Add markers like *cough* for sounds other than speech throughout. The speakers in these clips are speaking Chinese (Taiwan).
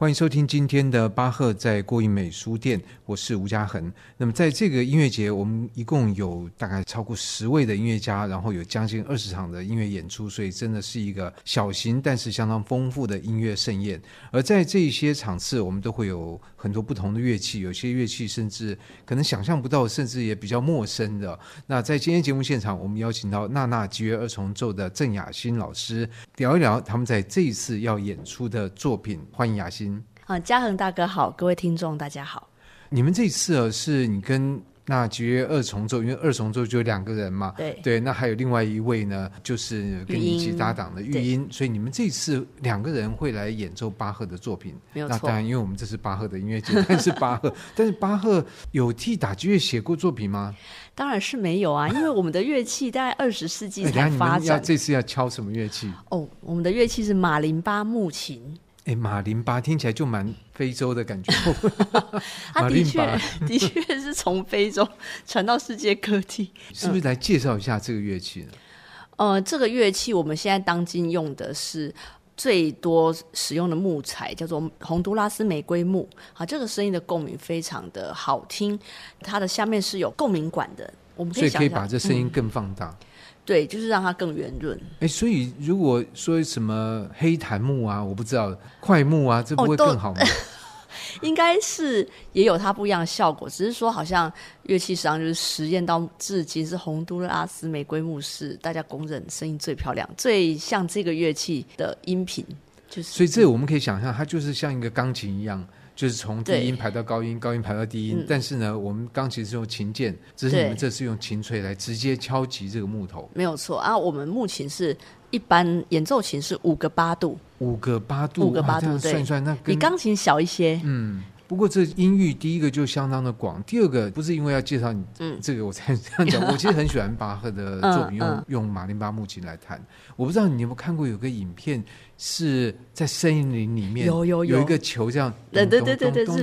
歡迎收聽今天的《巴赫在郭怡美書店》，我是吳家恆。那麼，在這個音樂節，我們一共有大概超過十位的音樂家，然後有將近二十場的音樂演出，所以真的是一個小型但是相當豐富的音樂盛宴。而在這些場次，我們都會有很多不同的樂器，有些樂器甚至可能想象不到，甚至也比較陌生的。那在今天節目現場，我們邀請到那娜擊樂二重奏的鄭雅心老師聊一聊他們在這一次要演出的作品。歡迎雅心。啊、嗯，家恆大哥好，各位聽眾大家好。你們這次是你跟那娜擊樂二重奏，因為二重奏就兩個人嘛，對對。那還有另外一位呢，就是跟你一起搭檔的育瑛，所以你們這次兩個人會來演奏巴赫的作品。沒有錯，那當然，因為我們這是巴赫的音樂節，但是巴赫， *laughs* 但是巴赫有替打擊樂寫過作品嗎？ *laughs* 當然是沒有啊，因為我們的樂器在二十世紀才發展、哎，你，這次要敲什麼樂器？哦，我們的樂器是馬林巴木琴。哎、欸，馬林巴聽起來就蠻非洲的感覺。他、嗯、的確的確是從非洲傳到世界各地。 *laughs* 是不是來介紹一下這個樂器呢、嗯？呃，這個樂器我們現在當今用的是最多使用的木材叫做洪都拉斯玫瑰木。好、啊，這個聲音的共鳴非常的好聽。它的下面是有共鳴管的，我們可以所以可以想想把這聲音更放大。嗯對，就是讓它更圓潤。哎，所以如果說什麼黑檀木啊，我不知道，快木啊，這不會更好嗎？哦、呃，應該是也有它不一樣的效果，只是說好像樂器上就是實驗到至今是宏都拉斯玫瑰木是大家公認聲音最漂亮、最像這個樂器的音頻，就是。所以這我們可以想象，它就是像一個鋼琴一樣。就是從低音排到高音，高音排到低音。嗯，但是呢，我們鋼琴是用琴鍵，只是你們這是用琴錘來直接敲擊這個木頭。沒有錯啊，我們木琴是一般演奏琴是五個八度，五個八度，五個八度，這樣算一算，對，那比鋼琴小一些。嗯。不過這音域，第一個就相當的廣。第二個不是因為要介紹你，這個，嗯，這個我才這樣講。我其實很喜歡巴赫的作品，嗯、用、嗯、用馬林巴木琴來彈。我不知道你有沒有看過有個影片，是在森林裡面有有有一個球這樣咚咚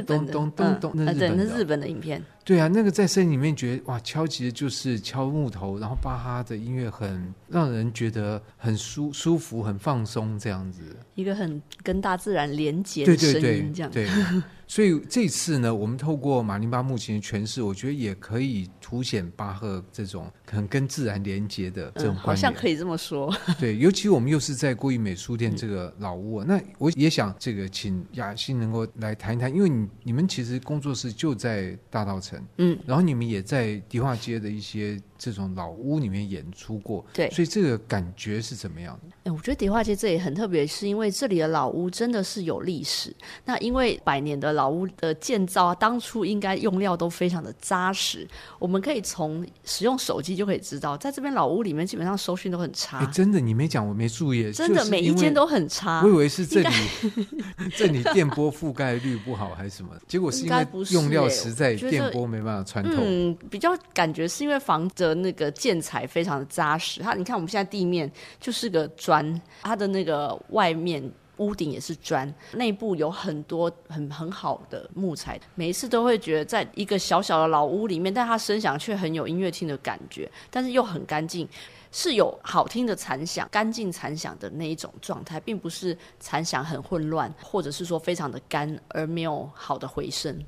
咚咚咚咚，那日本的影片，嗯呃。對啊，那個在森林裡面覺得哇，敲其實就是敲木頭，然後巴哈的音樂很讓人覺得很舒舒服，很放鬆這樣子。一個很跟大自然連接的聲音這樣對對對，對。 *laughs* 所以這次呢，我們透過馬林巴目前的詮釋，我覺得也可以凸顯巴赫這種可能跟自然連接的這種觀點，嗯。好像可以這麼說。 *laughs* 對，尤其我們又是在郭怡美書店這個老屋，嗯，那我也想這個請雅心能夠來談一談，因為你你們其實工作室就在大稻埕，嗯，然後你們也在迪化街的一些。這種老屋裡面演出過，對，所以這個感覺是怎麼樣的？哎，我覺得迪化街這裡很特別，是因為這裡的老屋真的是有歷史。那因為百年的老屋的建造啊，當初應該用料都非常的扎實。我們可以從使用手機就可以知道，在這邊老屋裡面基本上收訊都很差。哎，真的？你沒講，我沒注意。真的，每一間都很差。我以為是這裡 *laughs* 這裡電波覆蓋率不好還是什麼？結果是因為用料實在，電波沒辦法穿透、欸。嗯，比較感覺是因為房子的那個建材非常的扎實，它你看我們現在地面就是個磚，它的那個外面屋頂也是磚，內部有很多很很好的木材，每一次都會覺得在一個小小的老屋裡面，但它聲響卻很有音樂廳的感覺，但是又很乾淨，是有好聽的殘響，乾淨殘響的那一種狀態，並不是殘響很混亂，或者是說非常的乾，而沒有好的回聲。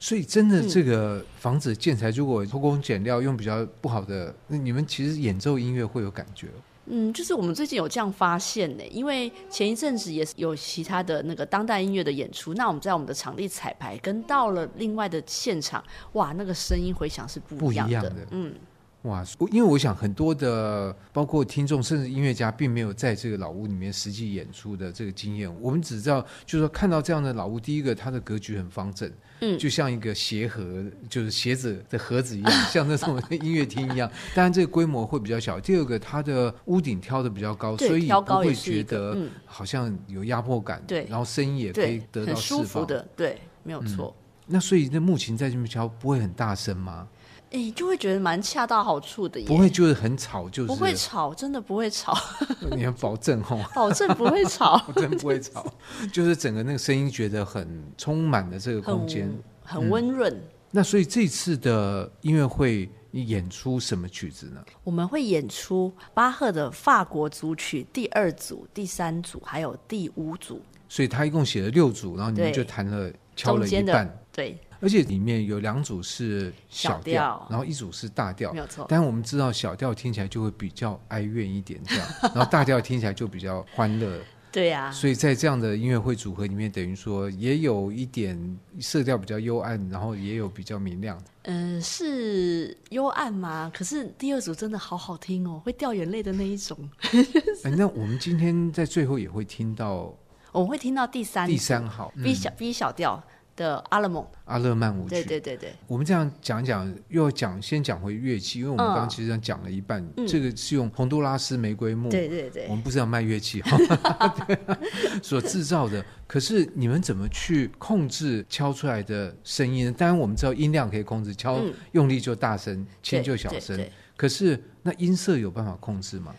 所以，真的，這個房子建材如果偷工減料，用比較不好的，嗯、那你們其實演奏音樂會有感覺。嗯，就是我們最近有這樣發現呢，因為前一陣子也是有其他的那個當代音樂的演出，那我們在我們的場地彩排，跟到了另外的現場，哇，那個聲音回響是不一，不一樣的。嗯。哇！我因為我想很多的，包括聽眾，甚至音樂家，並沒有在這個老屋裡面實際演出的這個經驗。我們只知道，就是說看到這樣的老屋，第一個它的格局很方正，嗯，就像一個鞋盒，就是鞋子的盒子一樣，像那種音樂廳一樣。 *laughs* 當然，這個規模會比較小。第二個，它的屋頂挑的比較高，高，所以不會覺得好像有壓迫感、嗯、有壓迫感。對，然後聲音也可以得到釋放，對，很舒服的。對，沒有錯、嗯。那所以那木琴在這邊敲不會很大聲嗎？哎、欸，就會覺得蠻恰到好處的。不會，就是很吵，就是不會吵，真的不會吵。 *laughs* 你要保證哦。 *laughs* 保證不會吵，真 *laughs* 不會吵， *laughs* 就是整個那個聲音覺得很充滿的這個空間，很，很溫潤、嗯。那所以這次的音樂會。你演出什麼曲子呢？我們會演出巴赫的法國組曲第二組、第三組，還有第五組。所以他一共寫了六組，然後你們就彈了敲了一半。對，而且裡面有兩組是小調，小調，然後一組是大調，沒有錯。但我們知道小調聽起來就會比較哀怨一點，這樣， *laughs* 然後大調聽起來就比較歡樂。對呀、啊，所以在這樣的音樂會組合裡面，等於說也有一點色調比較幽暗，然後也有比較明亮。嗯、呃，是幽暗嗎？可是第二組真的好好聽哦，會掉眼淚的那一種。反正 *laughs* 那我們今天在最後也會聽到 *laughs* 、嗯，我們會聽到第三，第三號、嗯、，B 小 B 小調，的阿勒曼，阿勒曼舞曲，對對對，對我們這樣講講，又要講先講回樂器，因為我們剛剛其實講了一半、嗯，這個是用洪都拉斯玫瑰木、嗯，對對對。我們不是要賣樂器哈，哈 *laughs* 哈， *laughs* 對所製造的。 *laughs* 可是你們怎麼去控制敲出來的聲音呢？當然我們知道音量可以控制，敲、嗯、用力就大聲，輕就小聲。可是那音色有辦法控制嗎？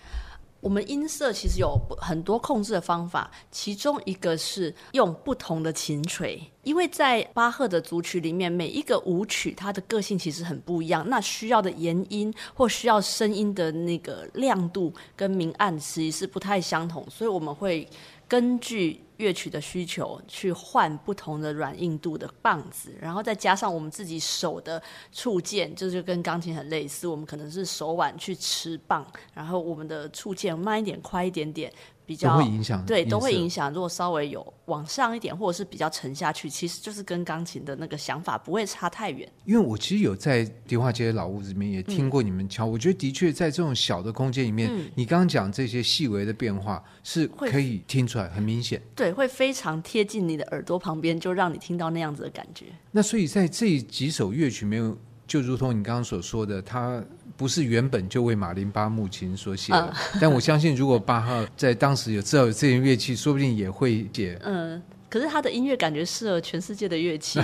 我們音色其實有很多控制的方法，其中一個是用不同的琴錘，因為在巴赫的組曲裡面，每一個舞曲它的個性其實很不一樣，那需要的延音或需要聲音的那個亮度跟明暗其實是不太相同，所以我們會。根據樂曲的需求去換不同的軟硬度的棒子，然後再加上我們自己手的觸鍵，就是跟鋼琴很類似。我們可能是手腕去持棒，然後我們的觸鍵慢一點、快一點點。比較會影響對，都會影響。如果稍微有往上一點，或者是比較沉下去，其實就是跟鋼琴的那個想法不會差太遠。因為我其實有在迪化街的老屋子裡面也聽過你們敲，嗯、我覺得的確在這種小的空間裡面，嗯，你剛剛講這些細微的變化是可以聽出來，很明顯。對，會非常貼近你的耳朵旁邊，就讓你聽到那樣子的感覺。那所以在這幾首樂曲沒有，就如同你剛剛所說的，它。不是原本就為馬林巴木琴所寫的，啊，但我相信，如果巴赫在當時有知道有這件樂器，啊，說不定也會寫。嗯，可是他的音樂感覺適合全世界的樂器。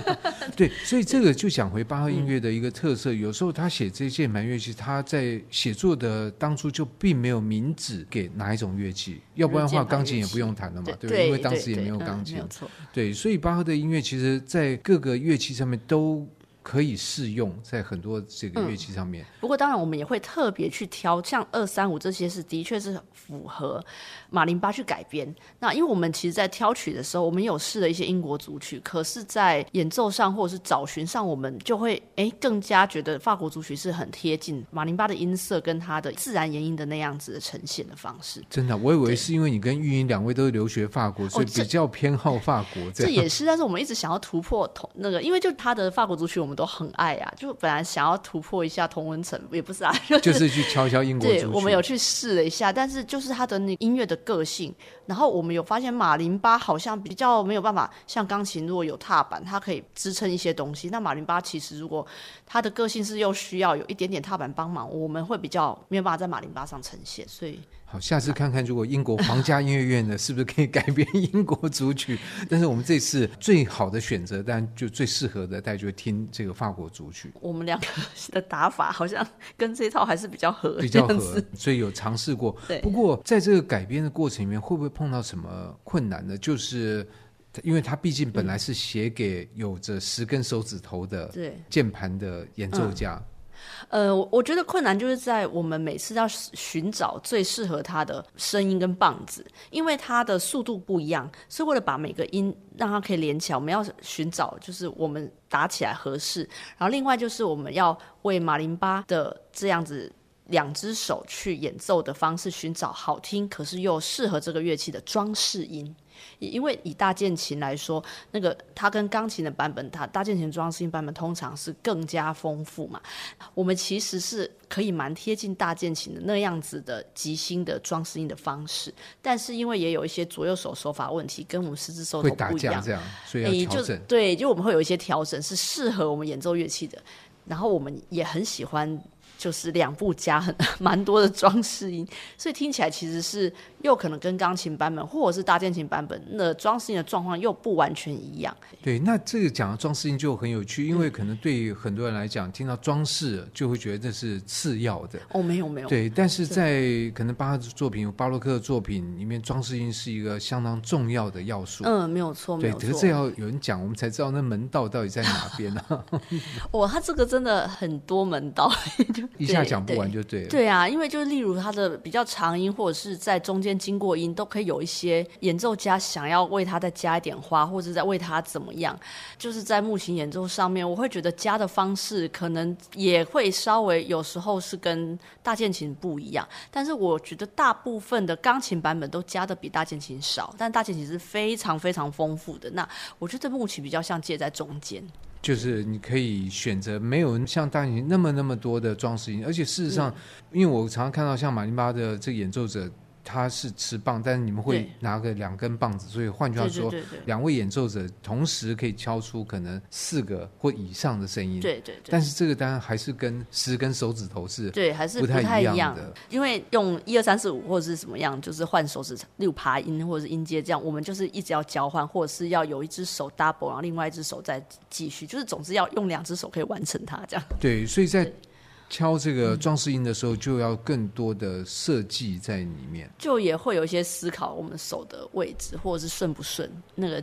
*laughs* 對，所以這個就想回巴赫音樂的一個特色，嗯、有時候他寫這些鍵盤樂器，他在寫作的當初就並沒有明指給哪一種樂器，要不然的話，鋼琴也不用彈了嘛，對不對，對，對？因為當時也沒有鋼琴。對，對嗯、對所以巴赫的音樂其實在各個樂器上面都。可以適用在很多這個樂器上面。嗯、不過當然，我們也會特別去挑像二三五這些是，的確是符合馬林巴去改編。那因為我們其實在挑曲的時候，我們也有試了一些英國組曲，可是，在演奏上或者是找尋上，我們就會誒更加覺得法國組曲是很貼近馬林巴的音色跟他的自然延音的那樣子的呈現的方式。真的，我以為是因為你跟育瑛兩位都留學法國，所以比較偏好法國，哦這這。這也是，但是我們一直想要突破同那個，因為就他的法國組曲，我們。都很愛啊，就本來想要突破一下同溫層，也不是啊，就是、就是，去敲敲英國組曲。對，我們有去試了一下，但是就是他的那音樂的個性，然後我們有發現馬林巴好像比較沒有辦法像鋼琴，如果有踏板，它可以支撐一些東西。那馬林巴其實如果它的個性是又需要有一點點踏板幫忙，我們會比較沒有辦法在馬林巴上呈現，所以。好，下次看看如果英國皇家音樂院的， *laughs* 是不是可以改編英國組曲？但是我們這次最好的選擇，但就最適合的，大家就會聽這個法國組曲。我們兩個的打法好像跟這一套還是比較合，比較合。所以有嘗試過。對，不過在這個改編的過程裡面，會不會碰到什麼困難呢？就是，因為它畢竟本來是寫給有着十根手指頭的鍵盤的演奏家。呃，我我覺得困難就是在我們每次要尋找最適合它的聲音跟棒子，因為它的速度不一樣，是為了把每個音讓它可以連起來，我們要尋找就是我們打起來合適。然後另外就是我們要為馬林巴的這樣子。兩隻手去演奏的方式，尋找好聽，可是又適合這個樂器的裝飾音。因為以大鍵琴來說，那個它跟鋼琴的版本，它大鍵琴的裝飾音版本通常是更加豐富嘛。我們其實是可以蠻貼近大鍵琴的那樣子的即興的裝飾音的方式，但是因為也有一些左右手手法問題，跟我們十字手法不一樣，這樣所以調、欸、就對，就我們會有一些調整是適合我們演奏樂器的。然後我們也很喜歡。就是兩部加很蠻多的裝飾音，所以聽起來其實是又可能跟鋼琴版本或者是大鍵琴版本的裝飾音的狀況又不完全一樣。對，那這個講的裝飾音就很有趣，嗯、因為可能對很多人來講，聽到裝飾就會覺得這是次要的。哦，沒有沒有。對，但是在可能巴洛作品、巴洛克的作品裡面，裝飾音是一個相當重要的要素。嗯，沒有錯，對。沒有錯，可是這要有人講，我們才知道那門道到底在哪邊呢？啊。哦， *laughs* 他這個真的很多門道。 *laughs* 一下講不完，對對就對了。對啊，因為就是例如它的比較長音，或者是在中間經過音，都可以有一些演奏家想要為它再加一點花，或者是在為它怎麼樣。就是在木琴演奏上面，我會覺得加的方式可能也會稍微有時候是跟大鍵琴不一樣。但是我覺得大部分的鋼琴版本都加的比大鍵琴少，但大鍵琴是非常非常豐富的。那我覺得木琴比較像介在中間。就是你可以選擇沒有像大提琴那麼那麼多的裝飾音，而且事實上，嗯、因為我常常看到像馬林巴的這個演奏者。他是持棒，但是你們會拿個兩根棒子，所以換句話說，兩位演奏者同時可以敲出可能四個或以上的聲音。對對，對。但是這個當然還是跟十根手指頭是，對，還是不太一樣的。因為用一二三四五或者是什麼樣，就是換手指，例如琶音或者是音階這樣，我們就是一直要交換，或者是要有一隻手 double，然後另外一隻手再繼續，就是總之要用兩隻手可以完成它這樣。對，所以在。敲這個裝飾音的時候，就要更多的設計在裡面，就也會有一些思考，我們手的位置，或者是順不順，那個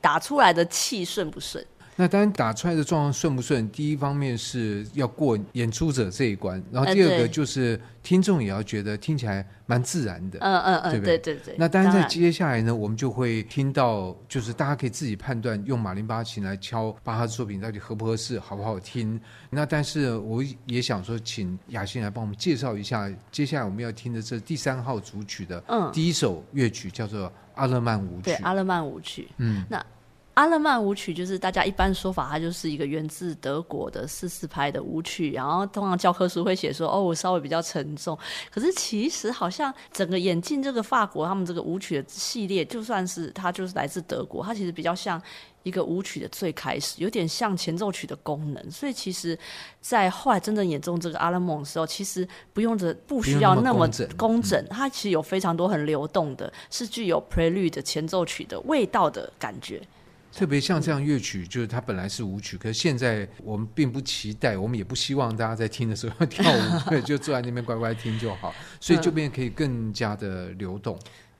打出來的氣順不順。那當然打出來的狀況順不順，第一方面是要過演出者這一關，然後第二個就是聽眾也要覺得聽起來蠻自然的，哎、對對不對嗯嗯嗯，對對對。那當然在當然接下來呢，我們就會聽到就，就是大家可以自己判斷用馬林巴琴來敲巴哈的作品到底合不合適，好不好聽。那但是我也想說，請雅心來幫我們介紹一下接下來我們要聽的這第三號組曲的第一首樂曲，嗯、叫做阿《阿勒曼舞曲》。對，《阿勒曼舞曲》。嗯。那。阿勒曼舞曲就是大家一般說法，它就是一個源自德國的四四拍的舞曲。然後通常教科書會寫說：“哦，我稍微比較沉重。”可是其實好像整個演進這個法國他們這個舞曲的系列，就算是它就是來自德國，它其實比較像一個舞曲的最開始，有點像前奏曲的功能。所以其實，在後來真正演奏這個阿勒曼的時候，其實不用的，不需要那麼工整。它其實有非常多很流動的，是具有 prelude 前奏曲的味道的感覺。特別像這樣樂曲，就是它本來是舞曲，可是現在我們並不期待，我們也不希望大家在聽的時候要跳舞， *laughs* 對，就坐在那邊乖乖聽就好，所以這邊可以更加的流動。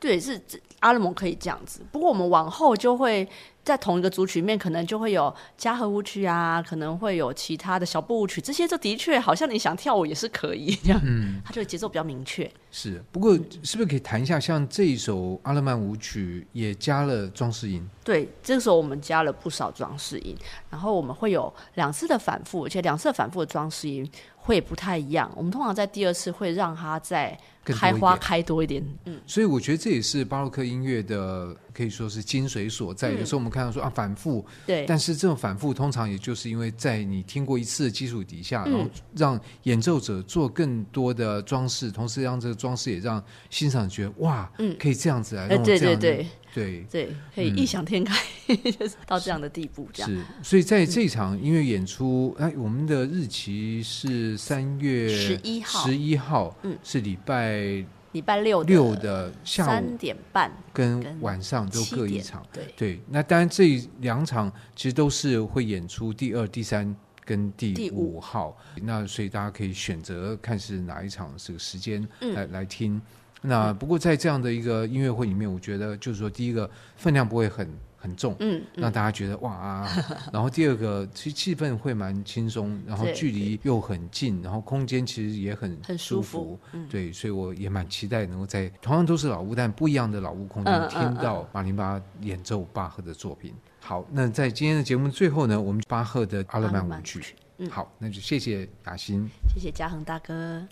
對，是阿勒蒙可以這樣子。不過我們往後就會在同一個組曲裡面，可能就會有嘉禾舞曲啊，可能會有其他的小步舞曲。這些就的確好像你想跳舞也是可以這樣，嗯，它就節奏比較明確。是，不過是不是可以談一下，像這一首阿勒曼舞曲也加了裝飾音？對，這首、個時候、我們加了不少裝飾音，然後我們會有兩次的反覆，而且兩次的反覆的裝飾音會不太一樣。我們通常在第二次會讓它在。開花開多一點，嗯，所以我覺得這也是巴洛克音樂的可以說是精髓所在、嗯。有時候我們看到說啊反覆，對，但是這種反覆通常也就是因為在你聽過一次的基礎底下，然後讓演奏者做更多的裝飾、嗯，同時讓這個裝飾也讓欣賞覺得哇，嗯，可以這樣子來弄、嗯，這樣嗯、對，對對對，對對，可以異想天開，嗯、 *laughs* 就是到這樣的地步這樣。是，所以在這場音樂演出、嗯，哎，我們的日期是三月十一號，十一號，嗯，是禮拜。哎，禮拜六的六的下午三點半跟晚上都各一場，對，對，那當然這兩場其實都是會演出第二、第三跟第五號，那所以大家可以選擇看是哪一場這個時間來、嗯、來聽、嗯。那不過在這樣的一個音樂會裡面，我覺得就是說，第一個分量不會很。很重嗯，嗯，讓大家覺得哇啊！ *laughs* 然後第二個，其實氣氛會蠻輕鬆，然後距離又很近，然後空間其實也很舒很舒服、嗯，對，所以我也蠻期待能夠在同樣都是老屋，但不一樣的老屋空間、嗯、聽到馬林巴演奏巴赫的作品、嗯嗯。好，那在今天的節目最後呢，嗯、我們巴赫的阿《阿勒曼舞曲》嗯。好，那就謝謝雅心、嗯，謝謝家恆大哥。